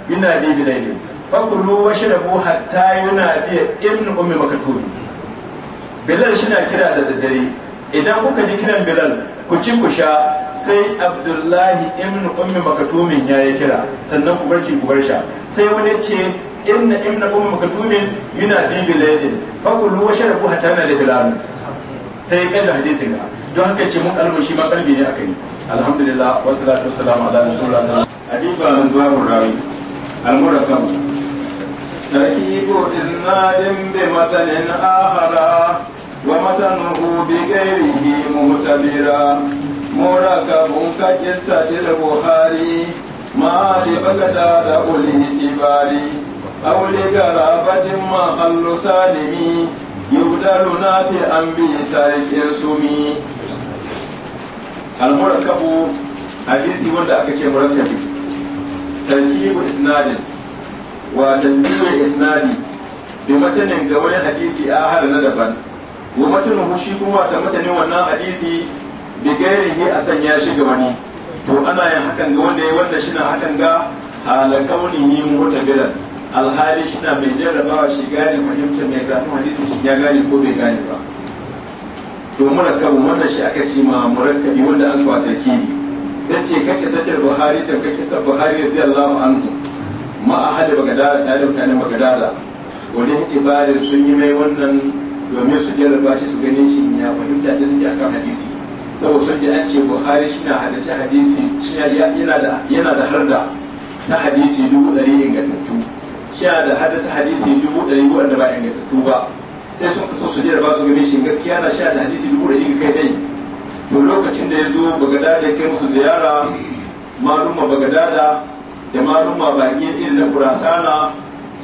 yuna bilal fa kullu wa sharqu hatta yuna bi ibn ummi maktumin bilal shi na kira da daddare idan kuka ji kiran bilal ku ci ku sha sai abdullahi ibn ummi makatumin ya yi kira sannan ku barci ku bar sha sai wani ce inna ibn ummi makatumin yana bi bilal fa kullu wa ku hatta na da bilal sai kai da hadisin ga don haka ce mun kalmo shi ma kalbi ne akai alhamdulillah wa salatu wa salam ala rasulullah sallallahu alaihi wa sallam hadiba min rawi al-murakam تأييب bi matalin آخر ومتنه بغيره مغتبرا مركب كقصة البخاري da لبغداد الاعتبار أو لقرابة محل سالم يبدل نافعا بسرق سمي المركب hadisi wanda aka ce murattabi tarkibu isnadin wa tanbiyu isnadi bi matanin ga wani hadisi ahar na daban wa matanuhu shi kuma ta mutane wannan hadisi bi gairihi a sanya shi ga wani to ana yin hakan ga wanda ya wanda shi na hakan ga halar kaunihi mutabiran alhali shi na mai jarrabawa shi gane fahimtar mai karatun hadisi shi ya gane ko bai gane ba to murakkabu wanda shi aka ce ma murakkabi wanda an shawa ne sai ce kake sajar buhari ta kake sa buhari radiyallahu anhu ma a hada bagadara tare mutane mutanen bagadara wani hitibarin sun yi mai wannan domin su raba shi su ganin shi ya fahimta ta take akan hadisi saboda sun ji an ce buhari shi na hadisi hadisi yana da harda ta hadisi dubu ɗari ingantattu shi ya da harda ta hadisi dubu ɗari wanda ba ingantattu ba sai sun so su raba su ganin shi gaskiya na shi da hadisi dubu ɗari ga kai dai to lokacin da ya zo bagadada ya kai musu ziyara malumma bagadada da malumma baƙi irin na kurasana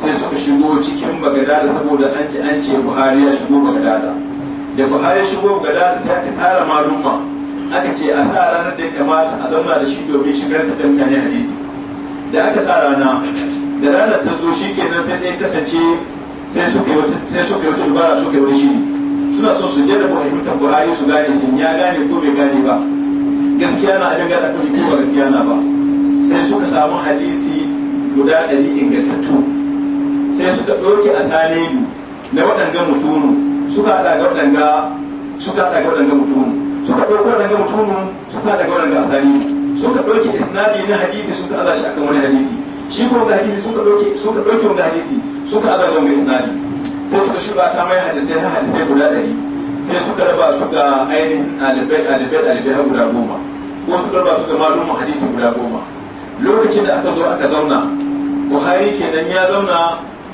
sai suka shigo cikin bagadada saboda an ji an ce buhari ya shigo bagadada da buhari ya shigo bagadada sai aka tara maluma aka ce a sa ranar da ya a zauna da shi domin shigar ta tantanin hadisi da aka sa rana da ranar ta zo shi kenan sai ɗaya kasance sai suka yi wata dubara suka yi wani shiri suna son su ba fahimtar buhari su gane shi ya gane ko bai gane ba gaskiya na abin gada kuma ko ba gaskiya na ba sai suka samu hadisi guda ɗari ingantattu sai suka ɗauki a salibu na waɗanga mutunu suka haɗa ga waɗanga suka haɗa ga waɗanga mutunu suka ɗauki waɗanga mutunu suka haɗa ga waɗanga a suka ɗauki isnadi na hadisi suka aza shi akan wani hadisi shi kuma ga hadisi suka ɗauki suka ɗauki wani hadisi suka aza ga wani isnadi sai suka shuba ta mai hadisai har hadisai guda ɗari sai suka raba su ga ainihin alibai alibai alibai har guda goma ko suka raba su ga malumin hadisi guda goma lokacin da aka zo aka zauna buhari kenan ya zauna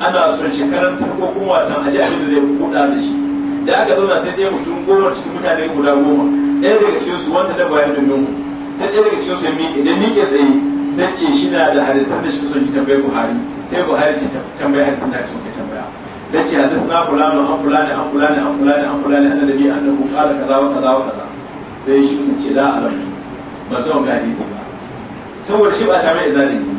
ana son shekarar karantar ko kuma watan a abin da zai buɗa da shi da aka zauna sai ɗaya mutum goma cikin mutane guda goma ɗaya daga cikin su wanta da bayan dumin mu sai ɗaya daga cikin su ya miƙe da miƙe tsaye sai ce shi na da hadisan da shi son ki tambayi Buhari sai Buhari ce tambaye hadisan da shi tambaya sai ce na fulano an fulani an fulani an fulani an fulani an da bi an da ku kala kaza wa kaza wa kaza sai shi sun ce la alamu ba sai wani hadisi ba saboda shi ba ta mai izalin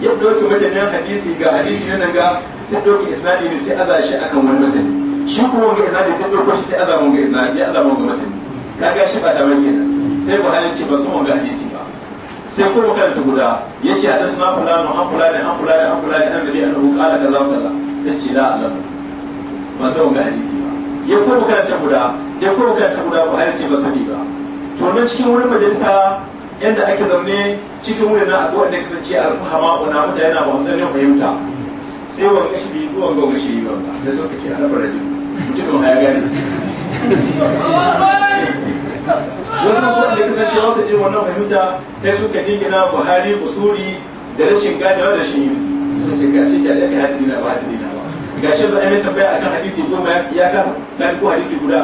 ya ɗauki matanin hadisi ga hadisi na nan ga sai ɗauki isnadi ne sai aza shi akan wani matani shi kuma wanga isnadi sai ɗauko shi sai aza wanga isnadi ya aza wanga matani ga shi ba tare kenan sai buhari ce ba san wanga hadisi ba sai kuma karanta guda ya ce yace hadisna fulanu an ne an fulani an fulani annabi annahu qala kaza kaza sai ce la alam ba san wanga hadisi ba ya kuma karanta guda ya kuma karanta guda buhari ce ba sani ba to nan cikin wurin majalisa yadda ake zaune cikin wurin na addu'a da kasance a ruhama una mutane na ba sanin fahimta sai wani kashi biyu ko wani gawa shi wanda da so kake a rabar rajin mutumin haya gani wasu masu wanda kasance wasu irin wannan fahimta ya suka jingina buhari usuri da rashin ganewa da rashin yi sun ce gashi ce a ɗaya hadisi na ba hadisi na ba gashi ba ɗaya tambaya akan hadisi goma ya kasa ko hadisi guda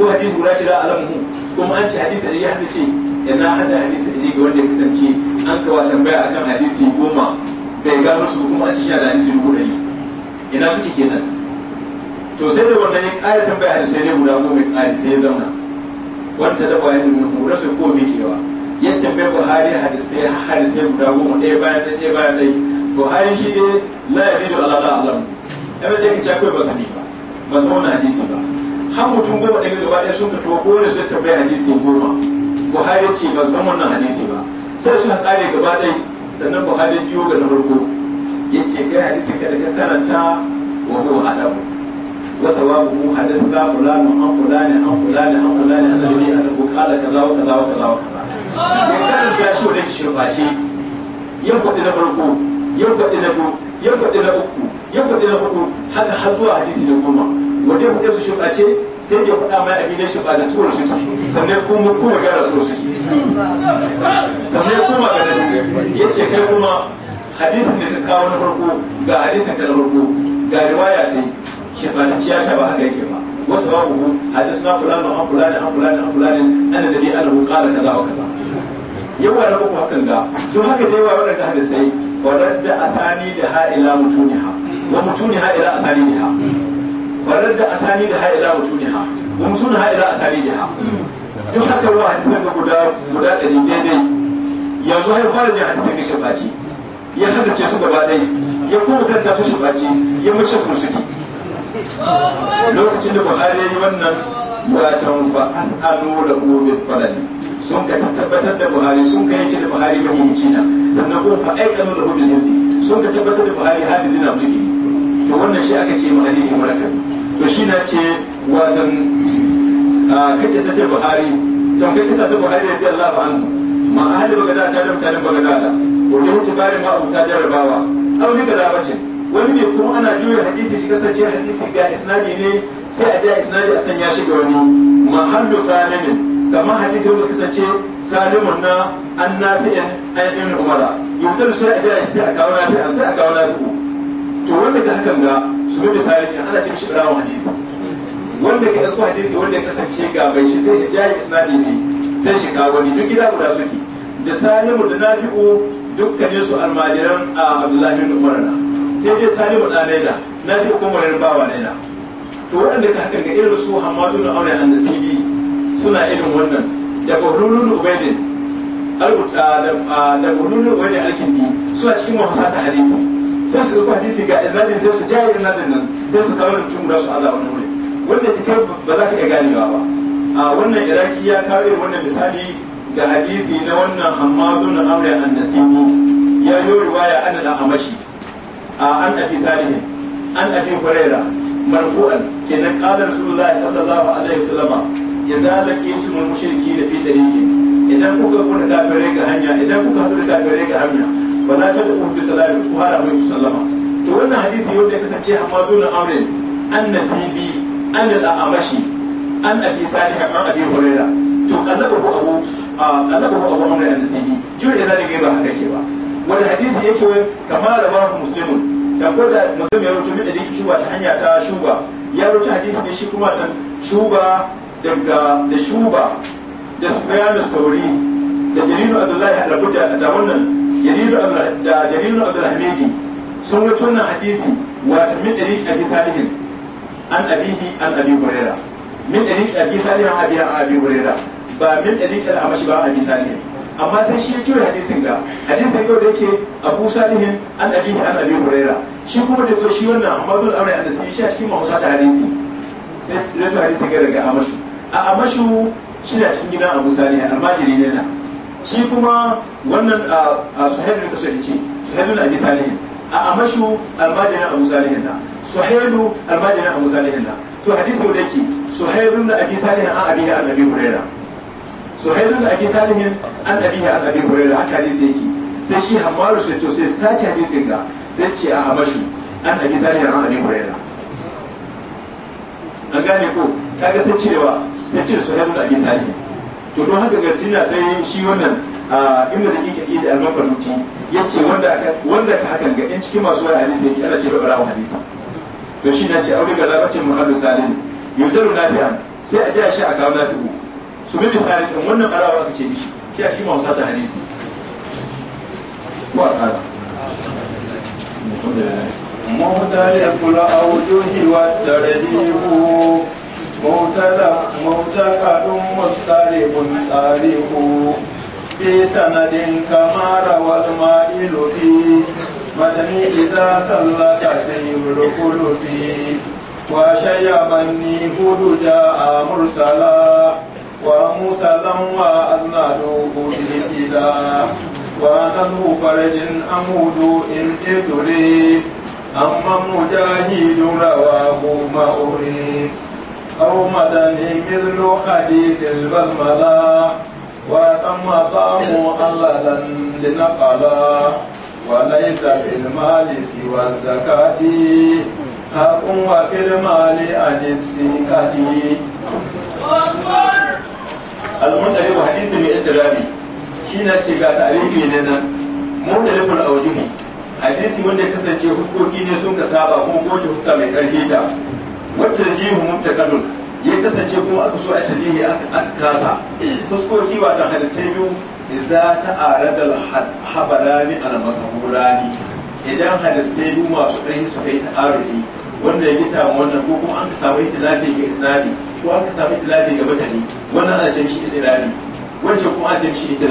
ko hadisi guda shi da alamu kuma an ce hadisi da ya hada ce Yana hada hadisi ne ga wanda ya kasance an kawo tambaya akan hadisi goma bai gano su kuma a cikin da hadisi dubu yi ina suke kenan to sai da wannan ya kare tambaya hadisai ne guda goma ya kare sai ya zauna wanda da bayan nuna hura su ko mikewa ya tambaya buhari hadisai hadisai guda goma ɗaya bayan ɗaya ɗaya bayan ɗaya buhari shi ne la ya zidu da la alam yana da ya kace akwai ba sani ba ba su wani hadisi ba har mutum goma ɗaya gaba ɗaya sun ka tuwa wani sun tambaya hadisi goma buhari ce ban san wannan hadisi ba sai suka kare gaba ɗai sannan buhari jiyo ga na farko ya ce kai hadisi ka da ka karanta wa huwa adabu wa sawabu hadis da fulani an fulani an fulani an fulani an nabi an ku kala kaza wa kaza wa kaza wa kaza ya karanta shi wanda ke shirbace ya faɗi na farko ya faɗi na biyu ya faɗi na uku ya faɗi na hudu haka har zuwa hadisi na goma wanda ya su shuka ce. sai ya faɗa mai abin shi ba da turu shi sannan kuma kuma gara su shi sannan kuma ga ya ce kai kuma hadisin da ta kawo na farko ga hadisin da na farko ga riwaya ta yi shi ba ta ciya ba haka yake ba wasu ba ku hadisu na fulani an ne an ne an ne ana da ni ana hukala kaza wa kaza yawa na ku hakan ga to haka da yawa waɗanda hadisai waɗanda asani da ha'ila mutuniha wa mutuniha ila asani da ha warar da asali da ha'ila mutuniha wa musulun ha'ila asali da ha duk haka ruwa hadisan da guda guda ɗari daidai yanzu har da ne hadisan da shafaci ya haddace su gaba ɗai ya kuma kanta su shafaci ya mace su suke lokacin da buhari ya yi wannan watan fa as'alu da gobe fadali sun ka tabbatar da buhari sun ka yake da buhari mahimmanci na sannan kuma fa aikanu da gobe yanzu sun ka tabbatar da buhari hadisi na mutum to wannan shi aka ce ma hadisi murakkab to shi na ce watan kake sa buhari to kake sa buhari da Allah ba an ma ahli bagada ta da ta dam bagada ko wani mutu bari ma abuta ta jarabawa aw ne gada bace wani ne kuma ana juya hadisi shi kasance hadisi ga isnadi ne sai a ja isnadi a sanya shi ga wani mahallu sananin kamar hadisi wanda kasance salimun na an nafi'in ayyukan umara yau da su ya sai a kawo nafi'an sai a kawo nafi'u to wanda ka hakan ga su bi misali ne ana cikin shi hadisi wanda ka ɗauko hadisi wanda ya kasance ga bai shi sai ya jaye isnadi ne sai shi kawo ne duk gida guda suke da salimu da nafi'u dukkanin su almajiran a abdullahi bin umar na sai dai salimu da naila nafi'u kuma wani bawa naila to waɗanda ka hakan ga irin su hamadu na aure an nasibi suna irin wannan da babrulun ubaidin da babrulun ubaidin alkindi suna cikin wasa ta hadisi sai su zuba hadisi ga izalin sai su jaye izalin nan sai su kawo mutum da su Allah wannan wuri wanda take ba za ka iya ganewa ba a wannan iraki ya kawo irin wannan misali ga hadisi na wannan hamadun amri an nasibu ya yi riwaya an da amashi a an abi salihin an abi huraira marfu'an kenan qala rasulullahi sallallahu alaihi wasallam idza laqitum mushriki da fi tariqin idan kuka kuna kafirai ga hanya idan kuka kuna kafirai ga hanya ba za ta da kuma bisa lafi ko har abin sallama to wannan hadisi yau da kasance hamadu na amrin an nasibi an al'amashi an abi salih an abi huraira to kallaba ko abu kallaba ko abu amrin an nasibi yau da zalika ba haka ke ba wani hadisi yake kama da babu muslimun da ko da mutum ya rubuta min da yake shuba ta hanya ta shuba ya rubuta hadisi ne shi kuma ta shuba daga da shuba da su sufyan sauri da jaridu abdullahi al-buda da wannan jaridu da jaridu abdurrahmani sun wuce wannan hadisi wa min dariq abi salihin an abihi an abi huraira min dariq abi salihin an abi abi huraira ba min dariq al-amashi ba abi salih amma sai shi ya tura hadisin ga hadisin yau da yake abu salihin an abihi an abi huraira shi kuma da to shi wannan ahmadul amri an nasibi shi a cikin mahausa ta hadisi sai da to hadisin ga daga amashu a amashu shi na cikin gidan abu salihin amma ne na shi kuma wannan a suhail kusa kusur ce suhail na abi salihin a amashu almajirin abu salihin na suhailu almajirin abu salihin na to hadisi da yake suhail na abi salihin an abi ya abi hurera suhail na abi salihin an abi ya abi hurera haka ne sai yake sai shi hamaru sai to sai sace hadisin ga sai ce a amashu an abi salihin an abi hurera an gane ko kaga sai cewa sai ce suhail na abi salihin to don haka ga sina sai shi wannan inda da kike da al-mafaruti yace wanda aka wanda ka hakan ga yan cikin masu wani hadisi yake ana ce ba barawo hadisi to shi ne ce aure ga labatin muhallu salim yudaru nafi'an sai a ja shi a kawo nafi'u su bi misali kan wannan barawo aka ce mishi shi a shi ma wasa ta hadisi kula a kara مختلف الأوجه والترتيب معتقد مضطرب طارق في سند كما روى المائل في مدني إذا سلك سير الخلف وشيبني فرجاء مرسلا ومرسلا وأذنده بالإله وأنه فرج أمود إن ابتلي أما مجاهد رواه ما أريد أو مدني مثل حديث البسملة وتم طعم أللا لنقلا وليس في المال سوى الزكاة حق وفي المال عن السكة المنتهي وحديث من إترابي shine ce ga tarihi ne nan mutalifin aujuhi hadisi wanda kasance hukoki ne sun ka saba kuma kowace fuska mai karfi ta wata jihu mubtaqadun ya kasance kuma aka so a tajihi aka kasa fuskoki ba ta hadisai biyu idza ta'arada al-habarani al-maqburani idan hadisai biyu masu ɗanyi su kai ta'arudi wanda ya gita wannan ko kuma an ka samu ita lafiya ga isnadi ko an ka samu ita lafiya ga mutane wannan ana ce shi ita lafi wancan kuma an ce shi ita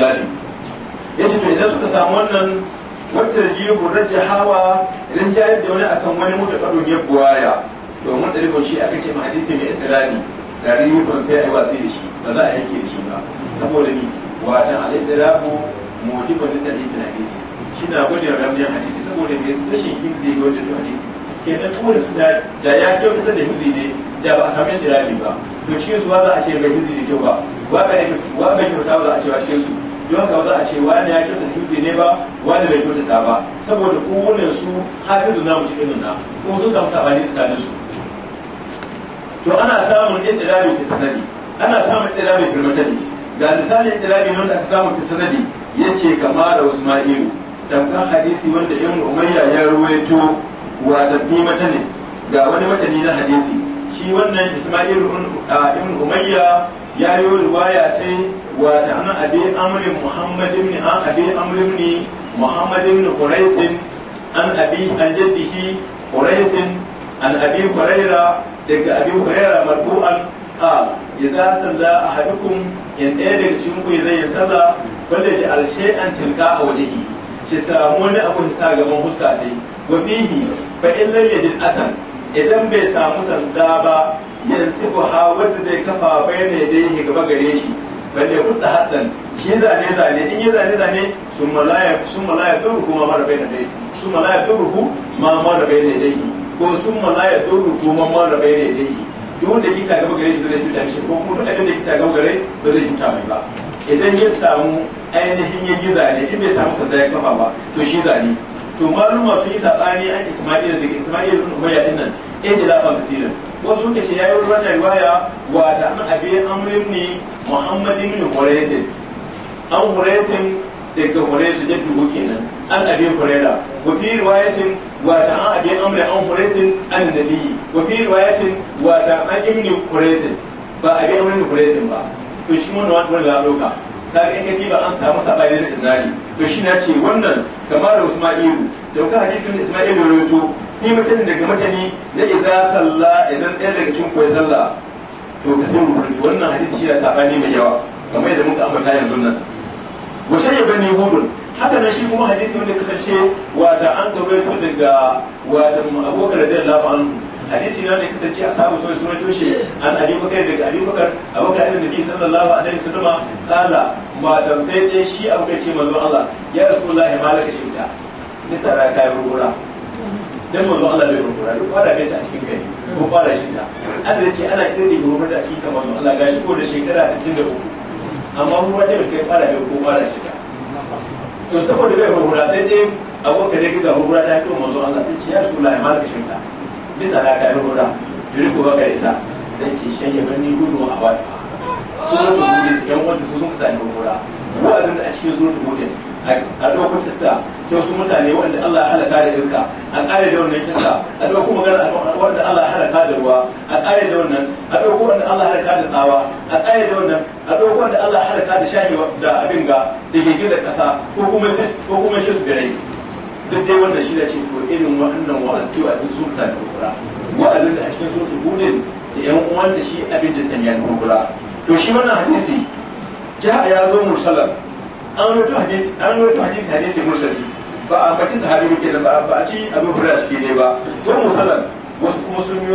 ya ce to idan suka samu wannan wata jihu rajahawa idan jayar da wani akan wani mutakadun ya buwaya domin tarikon shi aka ce ma hadisi mai itirani gari yukon sai a yi watsi da shi ba za a yanke da shi ba saboda ni watan al'itirafu mujibun da tarikin hadisi shi na gudun ramiyar hadisi saboda ne rashin himzi gode wajen hadisi kenan kowane su da ya kyautata da himzi ne da ba a yadda itirani ba to cikin su ba za a ce bai himzi da kyau ba wa ba kyauta ba za a ce ba cikin su don haka za a ce wani ya kyauta himzi ne ba wani bai kyautata ba saboda kowane su hafizu na mutum nan ko sun samu sabani tsakanin su to ana samun ittilabi ta sanadi ana samun ittilabi fil sanadi ga misali ittilabi wanda aka samu ta sanadi yace kamar da usma'ilu tamkan hadisi wanda ibn umayya ya ruwaito wa dabbi matani ga wani matani na hadisi shi wannan isma'ilu ibn umayya ya yi riwaya ta wa ta an abi amri muhammad ibn an abi amri ibn muhammad ibn quraisin an abi an jaddihi quraisin an abi quraira daga abi hurairah marfu'an qala idza salla ahadukum yan ɗaya daga cikin ku zai yi sallah wanda ji an tilka a waje. ki samu wani abu ki sa gaban huska dai wa fihi fa in lam yajid asan idan bai samu sanda ba yanzu ku ha wanda zai kafa bai bayyana dai gaba gare shi balle kutta hadan shi zane zane in yi zane zane sun malaya sun malaya duru kuma mara bayyana dai sun malaya duru ma mara bayyana dai ko sun mala ya dole kuma ma da bai daidai duk wanda yake ta gaba shi zai cuta mishi ko ko duk abin da yake ta gaba gare ba zai cuta mai ba idan ya samu ainihin ya yi zane in bai samu sanda ya kafa ba to shi zane to maluma sun yi sabani an isma'ila daga isma'ila ibn umayya din nan ijlafan eh, kasirin wasu suka ce yayi wannan riwaya wa da an abi amrin ni muhammadin ibn huraysin an huraysin daga Huraysh jaddu kenan an abin Hurayra wa fi riwayatin wa ta an abin amri an Huraysh an nabi wa fi riwayatin wa ta an ibn Huraysh ba abi amr ibn Huraysh ba to shi mun wannan ga doka ta ga sai ba an samu sabai da izali to shi na ce wannan kamar Usma'ilu to ka hadisin Isma'ilu rawaito ni mutum daga mutane na iza salla idan ɗaya daga cikin koyi sallah to ka sai wannan hadisi shi na sabani mai yawa kamar yadda muka ambata yanzu nan wa shayyaban ne gudun haka nan shi kuma hadisi wanda kasance wata an gabaito daga wata abokan radiyallahu anhu hadisi na da kasance a sabu sai sunan toshe an Ali bakar daga abi bakar abubakar da nabi sallallahu alaihi wasallam kala ma sai dai shi abubakar ce manzo Allah ya rasulullahi malaka shinta misara kai rubura dan manzo Allah bai rubura duk fara bai ta cikin kai. ko fara shinta an da ce ana irin rubura da cikin manzo Allah gashi ko da shekara 63 amma ruwa ta kai fara biyu ko fara shida to saboda bai hura sai dai abokan da giga hura ta kai manzo an sai ciya su rasul ma da shinta bisa da ka yi hura jiri ko baka yi ta sai ce shan ya bani gudu a wani su zo to gudun yan wanda su sun kusa ne hura wa'azin da a cikin zo to gudun a ɗaukar kisa ta wasu mutane wanda Allah ya halaka da irka a ƙare da wannan kisa a ɗauko magana wanda Allah ya halaka da ruwa a ƙare da wannan a ɗauko wanda Allah ya halaka da tsawa a ƙare da wannan a ɗauko wanda Allah ya halaka da shahi da abin ga da gigilar ƙasa ko kuma ko kuma shi su gare duk dai wannan shi da ce to irin waɗannan wa'azi wa sun sa da kura wa'azin da a cikin sun su gune da ƴan uwanta shi abin da sanya da kura to shi wannan hadisi ja'a ya zo mursalan an hadisi an hadisi hadisi mursali ba a bace sahabi ba a ci abu hurairah shi ne ba don musallan musulmi